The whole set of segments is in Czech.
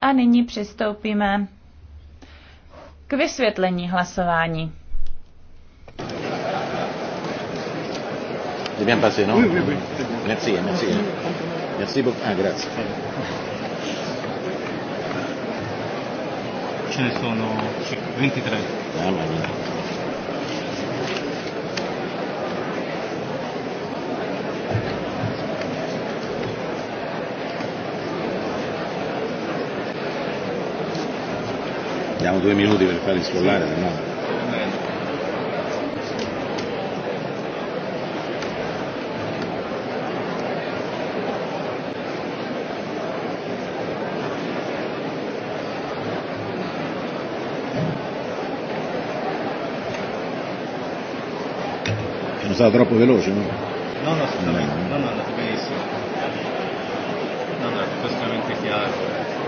A nyní přistoupíme k vysvětlení hlasování. C'est bien Ah, grazie. Ce ne sono 23. abbiamo due minuti per fare scrollare, se no. Sono stato troppo veloce, no? No, no, no assolutamente. No, no, è andato benissimo. No, no, è perfettamente chiaro.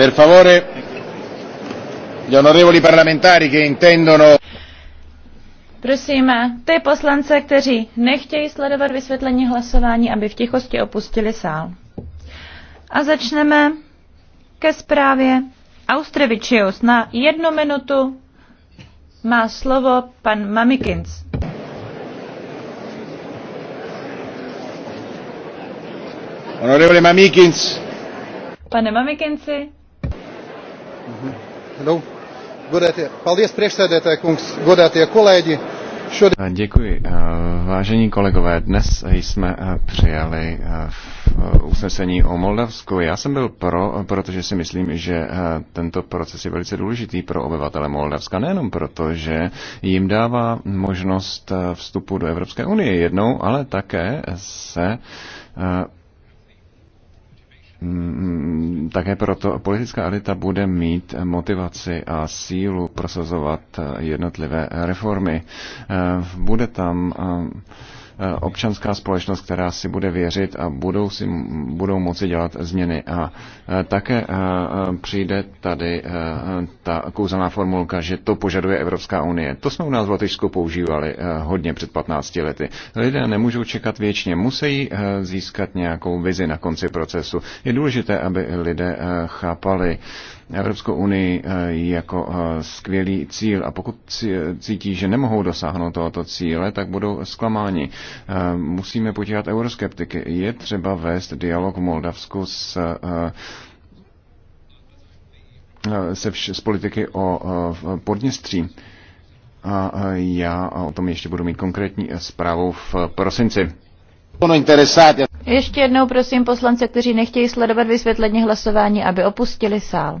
Per favore, gli onorevoli parlamentari che intendono... Prosím, ty poslance, kteří nechtějí sledovat vysvětlení hlasování, aby v tichosti opustili sál. A začneme ke zprávě Austrevičius. Na jednu minutu má slovo pan Mamikins. Honorevole Mamikins. Pane Mamikinci. Mhm. Děkuji. Vážení kolegové, dnes jsme přijali usnesení o Moldavsku. Já jsem byl pro, protože si myslím, že tento proces je velice důležitý pro obyvatele Moldavska, nejenom proto, že jim dává možnost vstupu do Evropské unie jednou, ale také se Mm, také proto politická elita bude mít motivaci a sílu prosazovat jednotlivé reformy. Eh, bude tam eh, Eh, občanská společnost, která si bude věřit a budou, si, budou moci dělat změny. A eh, také eh, přijde tady ta kouzelná formulka, že to požaduje Evropská unie. To jsme u nás v Lotyšsku používali hodně před 15 lety. Lidé nemůžou čekat věčně, musí získat nějakou vizi na konci procesu. Je důležité, aby lidé chápali, Evropskou unii eh, jako eh, skvělý cíl a pokud eh, cítí, že nemohou dosáhnout tohoto cíle, tak budou zklamáni. Musíme potěhat euroskeptiky. Je třeba vést dialog v Moldavsku s se vš- z politiky o, o Podněstří. A já o tom ještě budu mít konkrétní zprávu v prosinci. Ještě jednou prosím poslance, kteří nechtějí sledovat vysvětlení hlasování, aby opustili sál.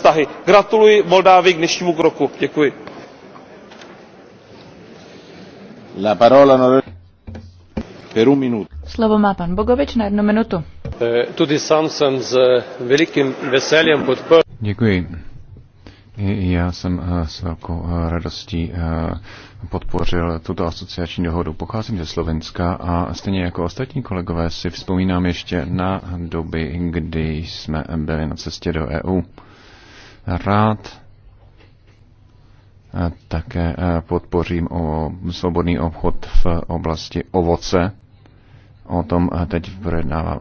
vztahy. gratuluji moldavsku k dnešnímu kroku. děkuji. No, slovo má pan bogovič na jednu minutu. Tudy sám jsem s velikým veselím podporil. Děkuji. Já jsem eh, s velkou eh, radostí eh, podpořil tuto asociační dohodu. Pocházím ze Slovenska a stejně jako ostatní kolegové si vzpomínám ještě na doby, kdy jsme byli na cestě do EU rád také e, podpořím o svobodný obchod v oblasti ovoce. O tom e, teď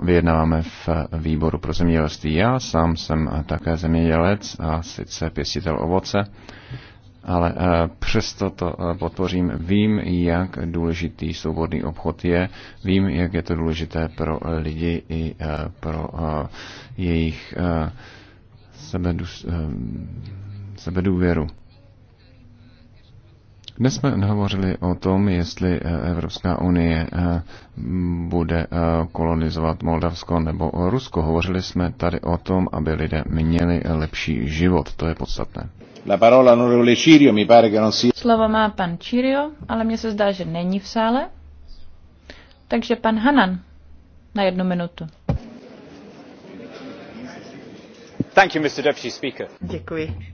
vyjednáváme v e, výboru pro zemědělství. Já sám jsem také zemědělec a sice pěstitel ovoce, ale přesto to podpořím. Vím, jak důležitý svobodný obchod je, vím, jak je to důležité pro lidi i pro jejich sebedůvěru. Ehm, Dnes jsme hovořili o tom, jestli eh, Evropská unie eh, bude eh, kolonizovat Moldavsko nebo Rusko. Hovořili jsme tady o tom, aby lidé měli lepší život. To je podstatné. Slovo má pan Cirio, ale mně se zdá, že není v sále. Takže pan Hanan na jednu minutu. Děkuji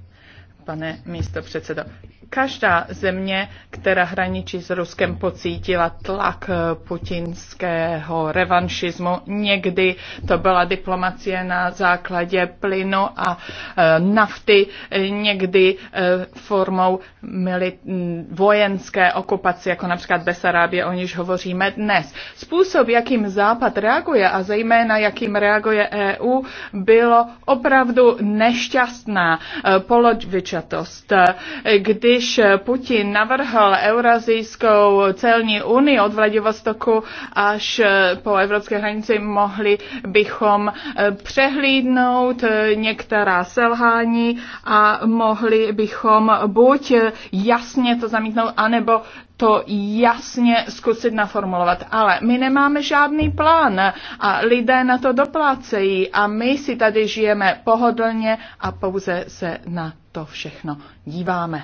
pane místo předsedo. Každá země, která hraničí s Ruskem, pocítila tlak eh, putinského revanšismu. Někdy to byla diplomacie na základě plynu a eh, nafty, někdy eh, formou vojenské okupace, jako například Besarábie, o níž hovoříme dnes. Způsob, jakým Západ reaguje a zejména jakým reaguje EU, bylo opravdu nešťastná. Polovič počatost. Když Putin navrhl Eurazijskou celní unii od Vladivostoku až po evropské hranici, mohli bychom přehlídnout některá selhání a mohli bychom buď jasně to zamítnout, anebo to jasně zkusit naformulovat. Ale my nemáme žádný plán a lidé na to doplácejí a my si tady žijeme pohodlně a pouze se na to všechno díváme.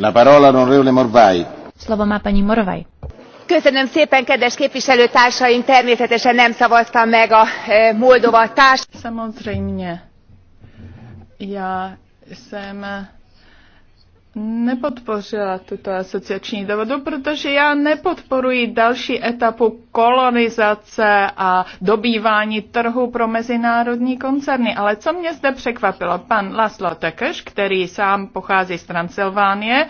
La parola onorevole Morvai. Slovo má paní Morvai. Köszönöm szépen, kedves képviselőtársaim, természetesen nem szavaztam meg a e, Moldova társ. Samozřejmě. Já jsem nepodpořila tuto asociační dohodu, protože já nepodporuji další etapu kolonizace a dobývání trhu pro mezinárodní koncerny. Ale co mě zde překvapilo, pan Laslo Tekeš, který sám pochází z Transylvánie,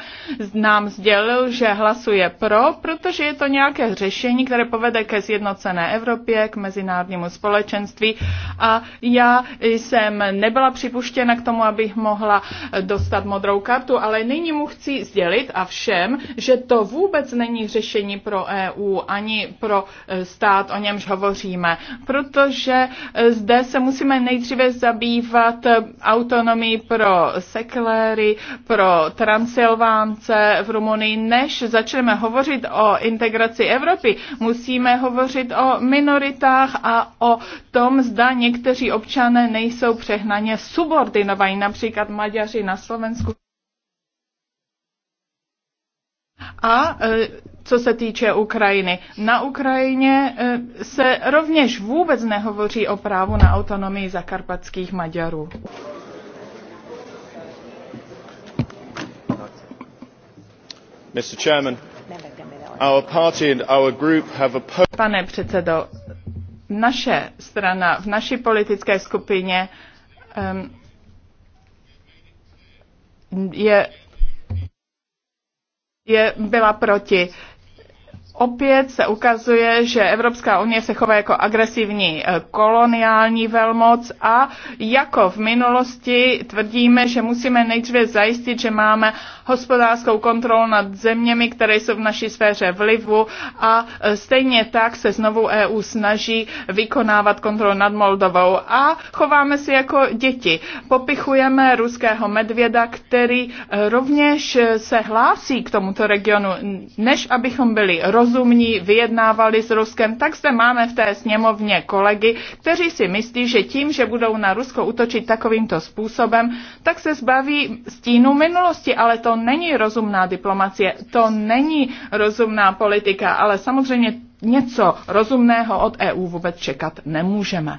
nám sdělil, že hlasuje pro, protože je to nějaké řešení, které povede ke zjednocené Evropě, k mezinárodnímu společenství a já jsem nebyla připuštěna k tomu, abych mohla dostat modrou kartu, ale nyní mu chci sdělit a všem, že to vůbec není řešení pro EU ani pro Eh, stát, o němž hovoříme. Protože eh, zde se musíme nejdříve zabývat eh, autonomii pro sekléry, pro transilvánce v Rumunii. Než začneme hovořit o integraci Evropy, musíme hovořit o minoritách a o tom, zda někteří občané nejsou přehnaně subordinovaní, například Maďaři na Slovensku. A co se týče Ukrajiny. Na Ukrajině eh, se rovněž vůbec nehovoří o právu na autonomii zakarpatských Maďarů. Mr. Chairman, our party and our group have opposed... Pane předsedo, naše strana v naší politické skupině um, je je, byla proti opět se ukazuje, že Evropská unie se chová jako agresivní eh, koloniální velmoc a jako v minulosti tvrdíme, že musíme nejdříve zajistit, že máme hospodářskou kontrolu nad zeměmi, které jsou v naší sféře vlivu a eh, stejně tak se znovu EU snaží vykonávat kontrolu nad Moldovou a chováme se jako děti. Popichujeme ruského medvěda, který eh, rovněž se hlásí k tomuto regionu, než abychom byli roz rozumní, vyjednávali s Ruskem, tak zde máme v té sněmovně kolegy, kteří si myslí, že tím, že budou na Rusko útočit takovýmto způsobem, tak se zbaví stínu minulosti, ale to není rozumná diplomacie, to není rozumná politika, ale samozřejmě něco rozumného od EU vůbec čekat nemůžeme.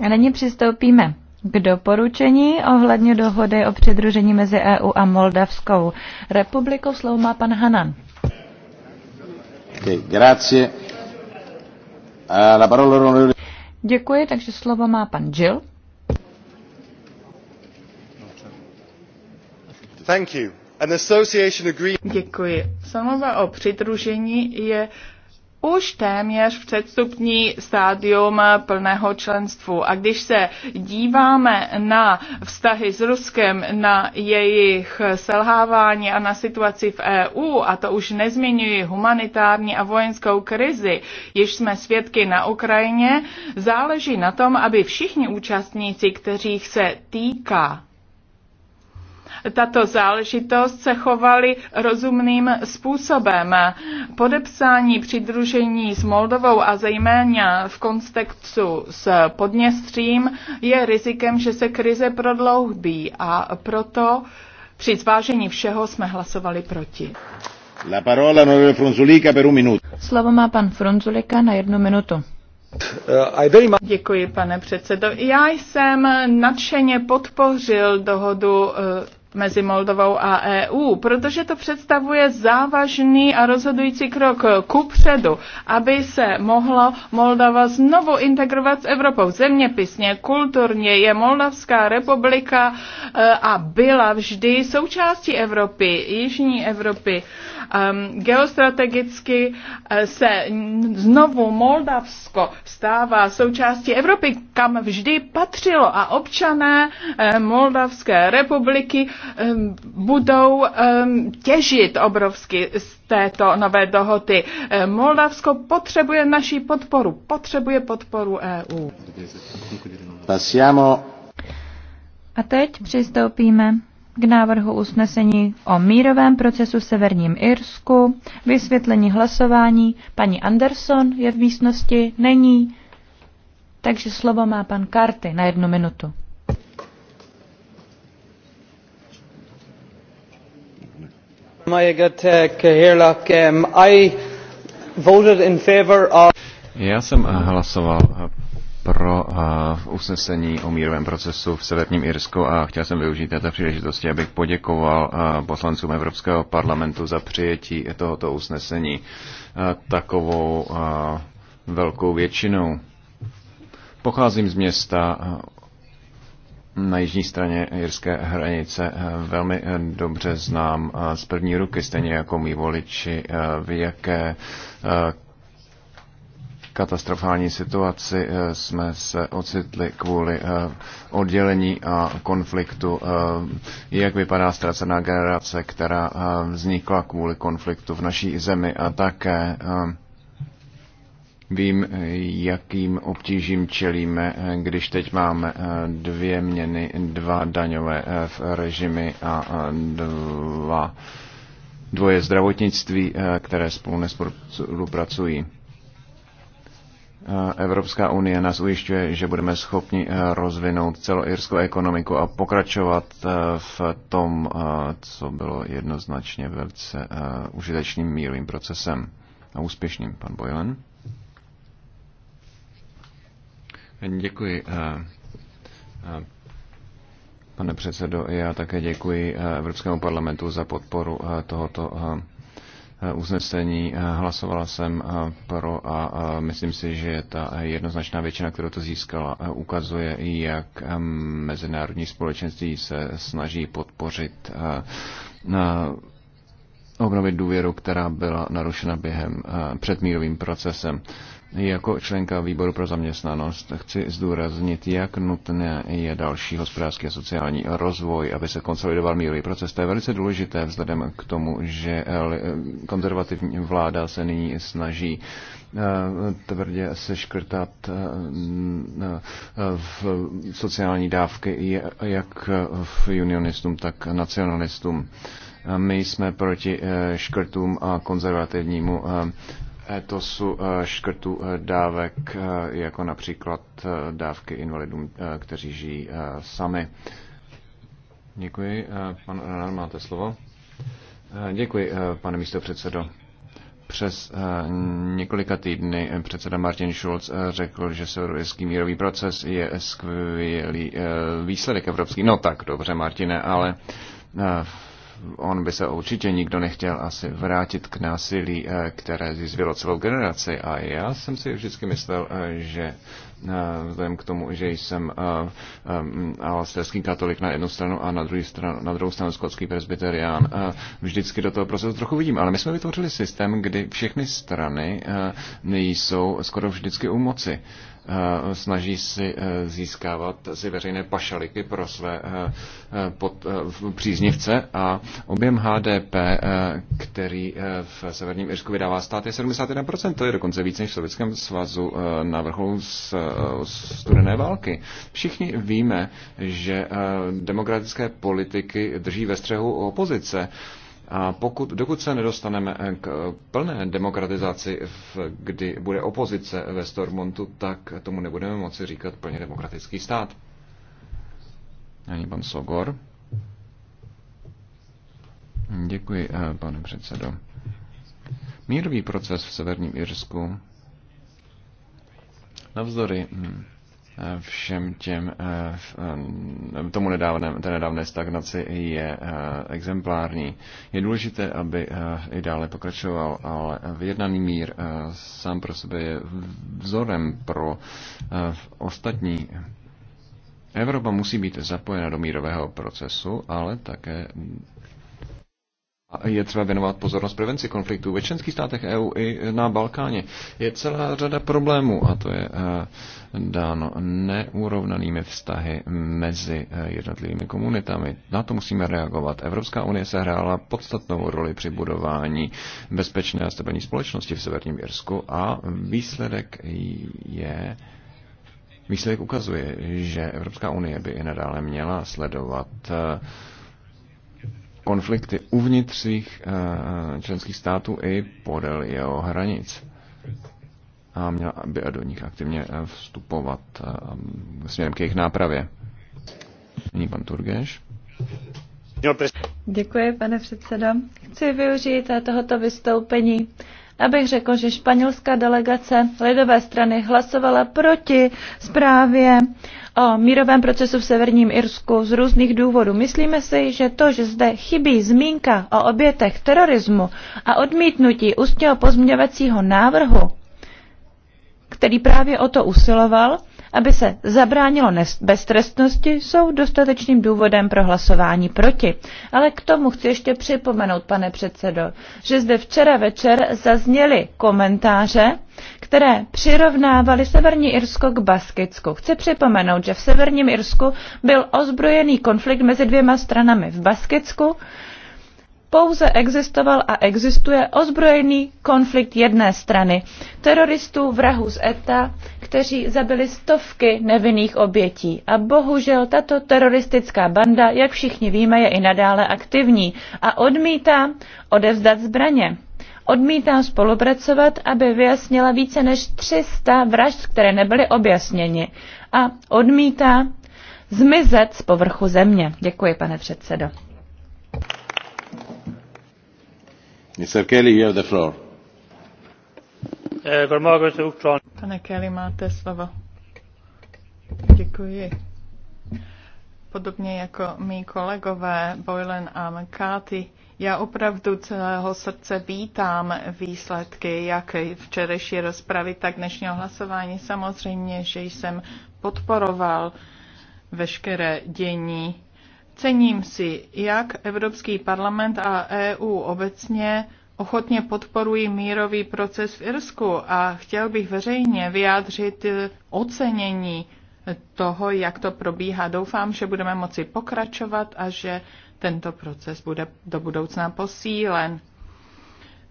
A nyní přistoupíme k doporučení ohledně dohody o přidružení mezi EU a Moldavskou republikou. Slovo má pan Hanan. Eh, Děkuji, takže slovo má pan Jill. Thank you. Děkuji. Samova o přidružení je už téměř v předstupní stádium plného členstvu. A když se díváme na vztahy s Ruskem, na jejich selhávání a na situaci v EU, a to už nezmiňuji humanitární a vojenskou krizi, již jsme svědky na Ukrajině, záleží na tom, aby všichni účastníci, kteří se týká tato záležitost, se chovali rozumným způsobem. Podepsání přidružení s Moldovou a zejména v kontextu s Podněstřím je rizikem, že se krize prodloubí a proto při zvážení všeho jsme hlasovali proti. La parola onorevole Frunzulika per un minuto. Slovo má pan Frunzulika na jednu minutu. Uh, Děkuji, pane předsedo. Já jsem nadšeně podpořil dohodu eh, mezi Moldovou a EU, protože to představuje závažný a rozhodující krok ku předu, aby se mohla Moldava znovu integrovat s Evropou. Zeměpisně, kulturně je Moldavská republika eh, a byla vždy součástí Evropy, Jižní Evropy. Ehm, geostrategicky eh, se znovu Moldavsko stává součástí Evropy, kam vždy patřilo a občané eh, Moldavské republiky budou těžit obrovsky z této nové dohody. Moldavsko potřebuje naší podporu, potřebuje podporu EU. A teď přistoupíme k návrhu usnesení o mírovém procesu v Severním Irsku, vysvětlení hlasování. Paní Anderson je v místnosti, není, takže slovo má pan Karty na jednu minutu. Já jsem eh, hlasoval eh, pro eh, usnesení o mírovém procesu v Severním Irsku a chtěl jsem využít této příležitosti, abych poděkoval poslancům Evropského parlamentu za přijetí tohoto usnesení takovou velkou většinou. Pocházím z města, na jižní straně jirské hranice eh, velmi eh, dobře znám eh, z první ruky, stejně jako mý voliči, v jaké katastrofální situaci jsme se ocitli kvůli oddělení a konfliktu. Jak vypadá ztracená generace, která vznikla kvůli konfliktu v naší zemi a také Vím, jakým obtížím čelíme, když teď máme eh, dvě měny, dva daňové eh, režimy a eh, dva dvoje zdravotnictví, které spolu nespolupracují. Evropská unie nás ujišťuje, že budeme schopni rozvinout celoirskou ekonomiku a pokračovat v tom, co bylo jednoznačně velice užitečným mírovým procesem a úspěšným, pan Boylan. Děkuji. Eh, eh, pane předsedo, já také děkuji eh, Evropskému parlamentu za podporu tohoto uznesení. Hlasovala jsem pro a myslím si, že ta jednoznačná většina, kterou to získala, ukazuje, jak mezinárodní společenství se snaží podpořit obnovit důvěru, která byla narušena během předmírovým procesem. Jako členka výboru pro zaměstnanost chci zdůraznit, jak nutné je další hospodářský a sociální rozvoj, aby se konsolidoval mírový proces. To je velice důležité vzhledem k tomu, že eh, konzervativní vláda se nyní snaží eh, tvrdě seškrtat eh, v sociální dávky jak v unionistům, tak nacionalistům. My jsme proti škrtům a konzervativnímu etosu eh, škrtu eh, dávek, eh, jako například dávky invalidům, kteří žijí sami. Děkuji. Pan Renan, máte slovo. Děkuji, pane místo předsedo. Přes několika týdny předseda Martin Schulz řekl, že severoirský mírový proces je skvělý výsledek evropský. No tak, dobře, Martine, ale v on by se určitě nikdo nechtěl asi vrátit k násilí, eh, které zjistilo celou generaci. A já jsem si vždycky myslel, eh, že eh, vzhledem k tomu, že jsem alasterský katolik na jednu stranu a na, druhý stranu, na druhou stranu skotský presbyterián, vždycky do toho procesu trochu vidím. Ale my jsme vytvořili systém, kdy všechny strany nejsou skoro vždycky u moci. Eh, snaží si eh, získávat si veřejné pašaliky pro své eh, pod, příznivce a objem HDP, který v Severním Irsku vydává stát, je 71%. To je dokonce více než v Sovětském svazu na vrcholu z studené války. Všichni víme, že demokratické politiky drží ve střehu opozice. A pokud, dokud se nedostaneme k plné demokratizaci, kdy bude opozice ve Stormontu, tak tomu nebudeme moci říkat plně demokratický stát. Ani pan Sogor. Děkuji, eh, pane předsedo. Mírový proces v Severním Irsku navzdory hm, všem těm eh, eh, tomu nedávné, té nedávné stagnaci je eh, exemplární. Je důležité, aby i dále pokračoval, ale vyjednaný mír sám pro sebe je vzorem pro ostatní. Evropa musí být zapojena do mírového procesu, ale také je třeba věnovat pozornost prevenci konfliktů ve členských státech EU i na Balkáně. Je celá řada problémů a to je eh, dáno neúrovnanými vztahy mezi eh, jednotlivými komunitami. Na to musíme reagovat. Evropská unie se hrála podstatnou roli při budování bezpečné a stabilní společnosti v Severním Irsku a výsledek je Výsledek ukazuje, že Evropská unie by i nadále měla sledovat uh, konflikty uvnitř svých eh, členských států i podél jeho hranic. A měla by do nich aktivně eh, vstupovat eh, směrem k jejich nápravě. Nyní pan Turgeš. Děkuji, pane předsedo. Chci využít tohoto vystoupení, abych řekl, že španělská delegace Lidové strany hlasovala proti zprávě o mírovém procesu v Severním Irsku z různých důvodů. Myslíme si, že to, že zde chybí zmínka o obětech terorismu a odmítnutí ústního pozměňovacího návrhu, který právě o to usiloval, aby se zabránilo beztrestnosti, jsou dostatečným důvodem pro hlasování proti. Ale k tomu chci ještě připomenout, pane předsedo, že zde včera večer zazněly komentáře, které přirovnávaly Severní Irsko k Baskicku. Chci připomenout, že v Severním Irsku byl ozbrojený konflikt mezi dvěma stranami. V Baskicku pouze existoval a existuje ozbrojený konflikt jedné strany teroristů, vrahů z ETA, kteří zabili stovky nevinných obětí. A bohužel tato teroristická banda, jak všichni víme, je i nadále aktivní a odmítá odevzdat zbraně. Odmítá spolupracovat, aby vyjasnila více než 300 vražd, které nebyly objasněny. A odmítá zmizet z povrchu země. Děkuji, pane předsedo. Mr. Kelly, you have the floor. Pane Kelly, máte slovo. Děkuji. Podobně jako mý kolegové Boylan a McCarthy, já opravdu celého srdce vítám výsledky jak včerejší rozpravy, tak dnešního hlasování. Samozřejmě, že jsem podporoval veškeré dění. Cením si, jak Evropský parlament a EU obecně ochotně podporuji mírový proces v Irsku a chtěl bych veřejně vyjádřit eh, ocenění toho, jak to probíhá. Doufám, že budeme moci pokračovat a že tento proces bude do budoucna posílen.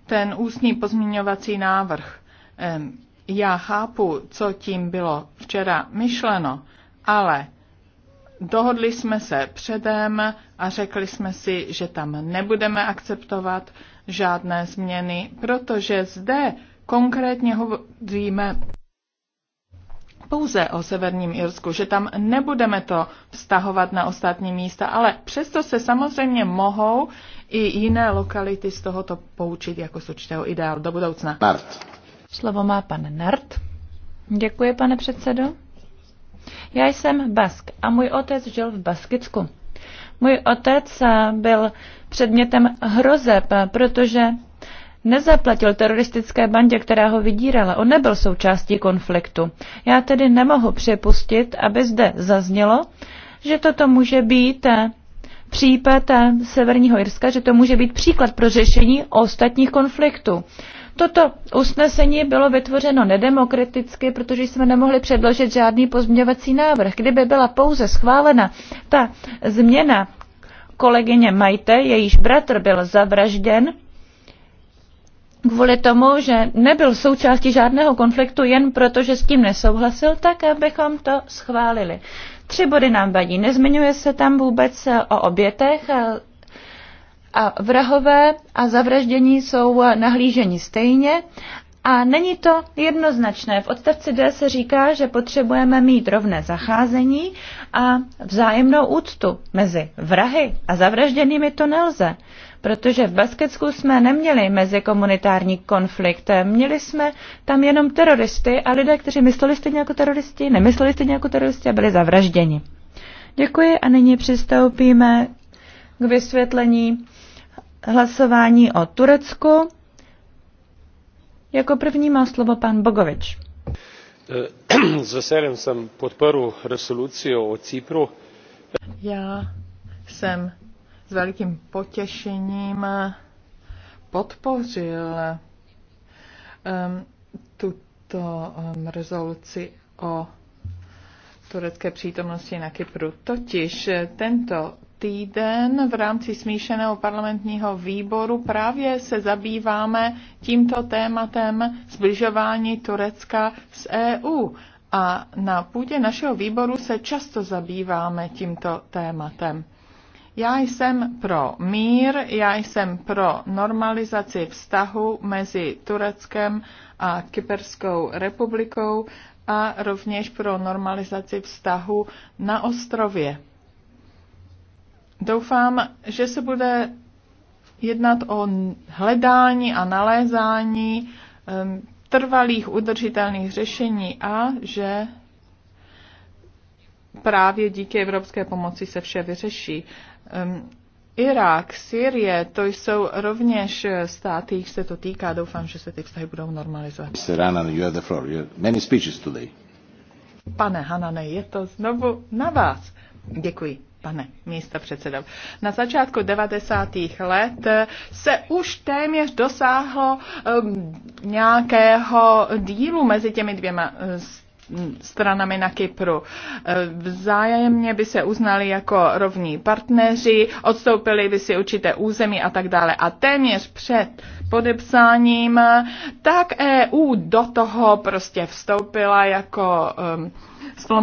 Ten ústní pozměňovací návrh. Já chápu, co tím bylo včera myšleno, ale dohodli jsme se předem a řekli jsme si, že tam nebudeme akceptovat žádné změny, protože zde konkrétně hovoříme pouze o Severním Irsku, že tam nebudeme to vztahovat na ostatní místa, ale přesto se samozřejmě mohou i jiné lokality z tohoto poučit jako z určitého ideálu do budoucna. Nart. Slovo má pan Nart. Děkuji, pane předsedo. Já jsem Bask a můj otec žil v Baskicku. Můj otec eh, byl předmětem hrozeb, eh, protože nezaplatil teroristické bandě, která ho vydírala. On nebyl součástí konfliktu. Já tedy nemohu připustit, aby zde zaznělo, že toto může být eh, případ Severního Irska, že to může být příklad pro řešení ostatních konfliktů. Toto usnesení bylo vytvořeno nedemokraticky, protože jsme nemohli předložit žádný pozměňovací návrh. Kdyby byla pouze schválena ta změna kolegyně Majte, jejíž bratr byl zavražděn, kvůli tomu, že nebyl součástí žádného konfliktu, jen proto, že s tím nesouhlasil, tak abychom to schválili. Tři body nám vadí. Nezmiňuje se tam vůbec o obětech, a vrahové a zavraždění jsou nahlíženi stejně a není to jednoznačné. V odstavci D se říká, že potřebujeme mít rovné zacházení a vzájemnou úctu mezi vrahy a zavražděnými to nelze, protože v Basketsku jsme neměli mezi komunitární konflikt, měli jsme tam jenom teroristy a lidé, kteří mysleli stejně jako teroristi, nemysleli stejně jako teroristi a byli zavražděni. Děkuji a nyní přistoupíme k vysvětlení hlasování o Turecku. Jako první má slovo pan Bogovič. Eh, s veselím jsem podporu resoluci o Cipru. Já jsem s velkým potěšením podpořil um, tuto um, rezoluci o turecké přítomnosti na Kypru. Totiž eh, tento týden v rámci smíšeného parlamentního výboru právě se zabýváme tímto tématem zbližování Turecka s EU. A na půdě našeho výboru se často zabýváme tímto tématem. Já jsem pro mír, já jsem pro normalizaci vztahu mezi Tureckem a Kyperskou republikou a rovněž pro normalizaci vztahu na ostrově. Doufám, že se bude jednat o hledání a nalézání ehm, trvalých udržitelných řešení a že právě díky evropské pomoci se vše vyřeší. Ehm, Irák, Syrie, to jsou rovněž státy, jich se to týká. Doufám, že se ty vztahy budou normalizovat. Pane Hanane, je to znovu na vás. Děkuji pane místo předsedo. Na začátku 90. let se už téměř dosáhlo um, nějakého dílu mezi těmi dvěma uh, stranami na Kypru. Uh, vzájemně by se uznali jako rovní partneři, odstoupili by si určité území a tak dále. A téměř před podepsáním tak EU do toho prostě vstoupila jako um,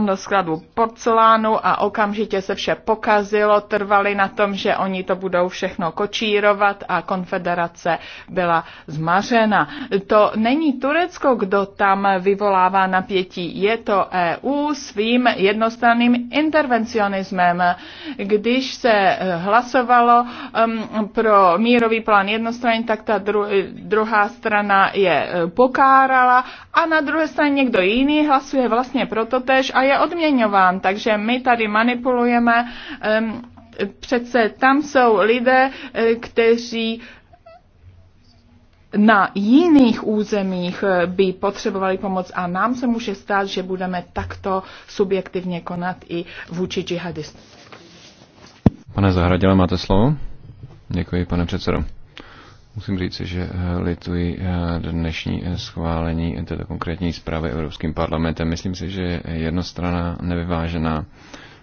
do skladu porcelánu a okamžitě se vše pokazilo. Trvali na tom, že oni to budou všechno kočírovat a konfederace byla zmařena. To není Turecko, kdo tam vyvolává napětí. Je to EU svým jednostranným intervencionismem. Když se eh, hlasovalo um, pro mírový plán jednostranný, tak ta dru- druhá strana je eh, pokárala a na druhé straně někdo jiný hlasuje vlastně proto té, soutěž a je odměňován. Takže my tady manipulujeme. Přece tam jsou lidé, eh, kteří na jiných územích eh, by potřebovali pomoc a nám se může stát, že budeme takto subjektivně konat i vůči džihadistům. Pane Zahradile, máte slovo? Děkuji, pane předsedo. Musím říct, že eh, lituji eh, dnešní eh, schválení této konkrétní zprávy Evropským parlamentem. Myslím si, že je jednostranná, nevyvážená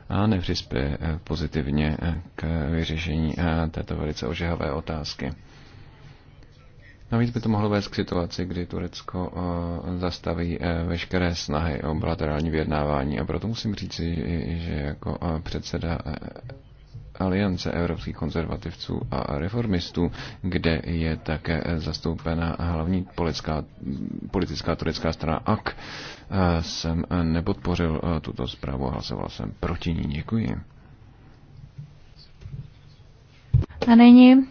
a nepřispěje pozitivně k vyřešení této velice ožehavé otázky. Navíc by to mohlo vést k situaci, kdy Turecko zastaví veškeré snahy o bilaterální vyjednávání a proto musím říct, že jako předseda aliance evropských konzervativců a reformistů, kde je také zastoupena hlavní politická, politická turecká strana AK. Jsem nepodpořil tuto zprávu, hlasoval jsem proti ní. Děkuji. A není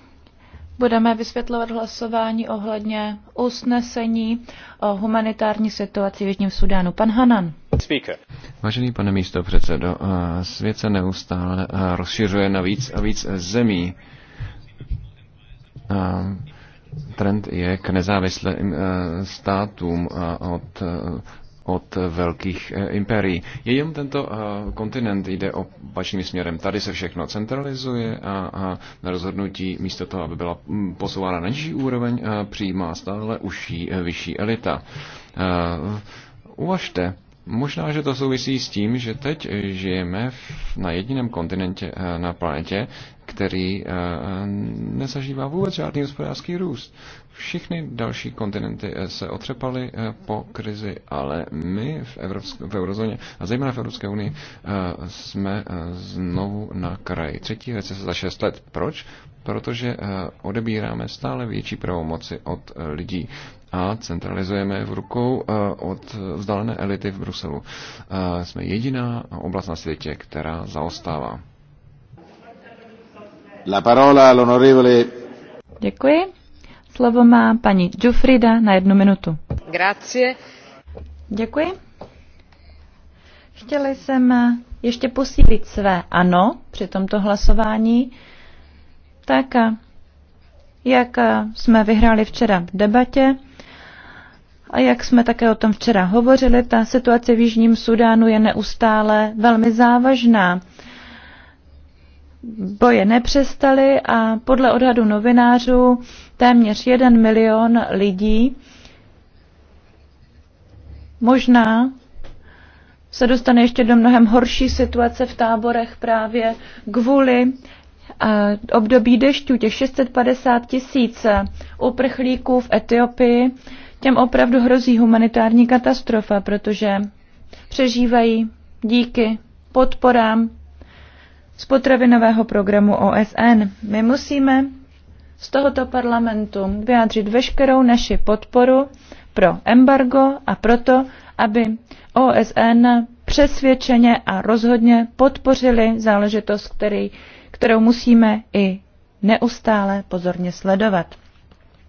budeme vysvětlovat hlasování ohledně usnesení o humanitární situaci v Jižním Sudánu. Pan Hanan. Speaker. Vážený pane místo předsedo, eh, svět se neustále eh, rozšiřuje na víc a víc zemí. Eh, trend je k nezávislým státům od od velkých eh, impérií. Jenom tento eh, kontinent jde opačným směrem. Tady se všechno centralizuje a, a na rozhodnutí místo toho, aby byla mm, posouvána na nižší úroveň, eh, přijímá stále užší, vyšší elita. Uvažte, Možná, že to souvisí s tím, že teď žijeme na jediném kontinentě na planetě, který eh, nezažívá vůbec žádný hospodářský růst. Všichni další kontinenty eh, se otřepaly eh, po krizi, ale my v, Evropské, v eurozóně a zejména v Evropské unii jsme znovu na kraji. Třetí recese za šest let. Proč? Protože odebíráme stále větší pravomoci od lidí a centralizujeme v rukou od vzdálené elity v Bruselu. Jsme jediná oblast na světě, která zaostává. La parola all'onorevole. Děkuji. Slovo má paní Giuffrida na jednu minutu. Grazie. Děkuji. Chtěla jsem ještě posílit své ano při tomto hlasování, tak jak jsme vyhráli včera v debatě a jak jsme také o tom včera hovořili, ta situace v Jižním Sudánu je neustále velmi závažná boje nepřestaly a podle odhadu novinářů téměř jeden milion lidí možná se dostane ještě do mnohem horší situace v táborech právě kvůli eh, období dešťů, těch 650 tisíc uprchlíků v Etiopii, těm opravdu hrozí humanitární katastrofa, protože přežívají díky podporám z potravinového programu OSN. My musíme z tohoto parlamentu vyjádřit veškerou naši podporu pro embargo a proto, aby OSN přesvědčeně a rozhodně podpořili záležitost, který, kterou musíme i neustále pozorně sledovat.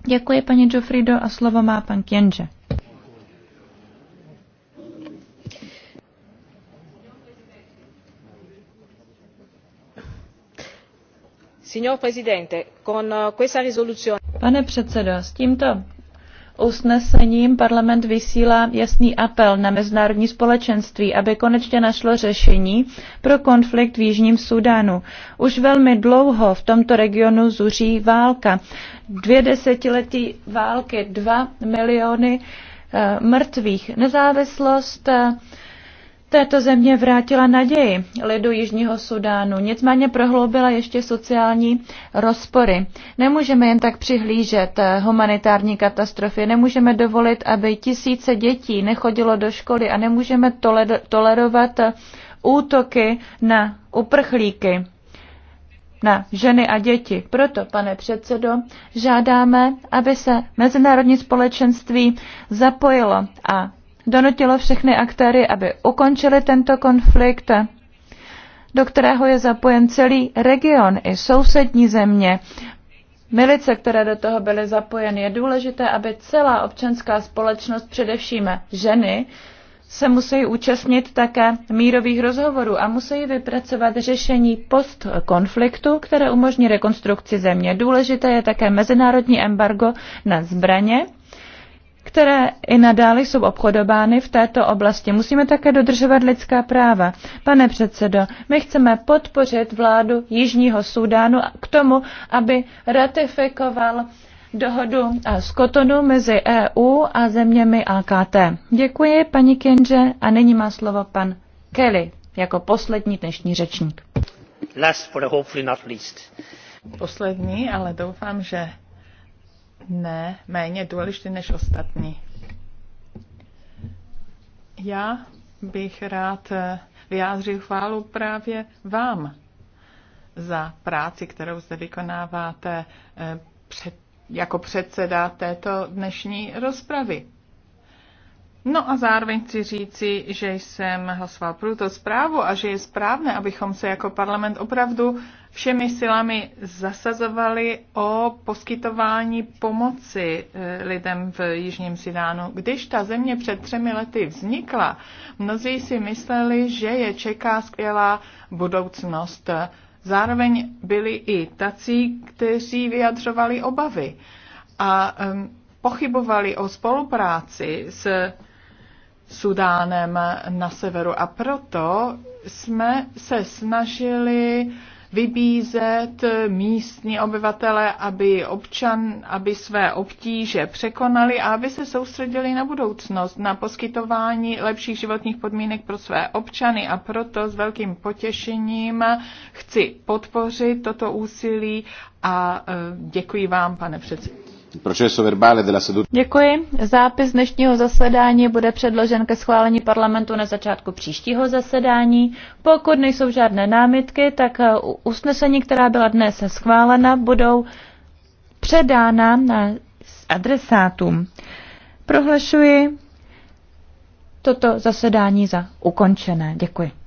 Děkuji paní Jofrido a slovo má pan Kienže. Eh, Pane předsedo, s tímto usnesením parlament vysílá jasný apel na mezinárodní společenství, aby konečně našlo řešení pro konflikt v Jižním Súdánu. Už velmi dlouho v tomto regionu zuří válka. Dvě desetiletí války, dva miliony eh, mrtvých. Nezávislost eh, této země vrátila naději lidu Jižního Sudánu, nicméně prohloubila ještě sociální rozpory. Nemůžeme jen tak přihlížet eh, humanitární katastrofy, nemůžeme dovolit, aby tisíce dětí nechodilo do školy a nemůžeme tolerovat eh, útoky na uprchlíky na ženy a děti. Proto, pane předsedo, žádáme, aby se mezinárodní společenství zapojilo a donutilo všechny aktéry, aby ukončili tento konflikt, do kterého je zapojen celý region i sousední země. Milice, které do toho byly zapojeny, je důležité, aby celá občanská společnost, především ženy, se musí účastnit také mírových rozhovorů a musí vypracovat řešení postkonfliktu, které umožní rekonstrukci země. Důležité je také mezinárodní embargo na zbraně, které i nadále jsou obchodovány v této oblasti. Musíme také dodržovat lidská práva. Pane předsedo, my chceme podpořit vládu Jižního Súdánu k tomu, aby ratifikoval dohodu eh, z Kotonu mezi EU a zeměmi AKT. Děkuji, paní Kenže, a nyní má slovo pan Kelly jako poslední dnešní řečník. Last but hopefully not least. Poslední, ale doufám, že ne méně důležitý než ostatní. Já bych rád eh, vyjádřil chválu právě vám za práci, kterou zde vykonáváte eh, před, jako předseda této dnešní rozpravy. No a zároveň chci říci, že jsem hlasoval pro tuto zprávu a že je správné, abychom se jako parlament opravdu všemi silami zasazovali o poskytování pomoci eh, lidem v Jižním Sidánu. Když ta země před třemi lety vznikla, mnozí si mysleli, že je čeká skvělá budoucnost. Zároveň byli i tací, kteří vyjadřovali obavy a pochybovali o spolupráci s Sudánem na severu. A proto jsme se snažili vybízet místní obyvatele, aby občan, aby své obtíže překonali a aby se soustředili na budoucnost, na poskytování lepších životních podmínek pro své občany a proto s velkým potěšením chci podpořit toto úsilí a e, děkuji vám, pane předsedo. Děkuji. Zápis dnešního zasedání bude předložen ke schválení parlamentu na začátku příštího zasedání. Pokud nejsou žádné námitky, tak eh, usnesení, která byla dnes schválena, budou předána na eh, adresátům. Prohlašuji toto zasedání za ukončené. Děkuji.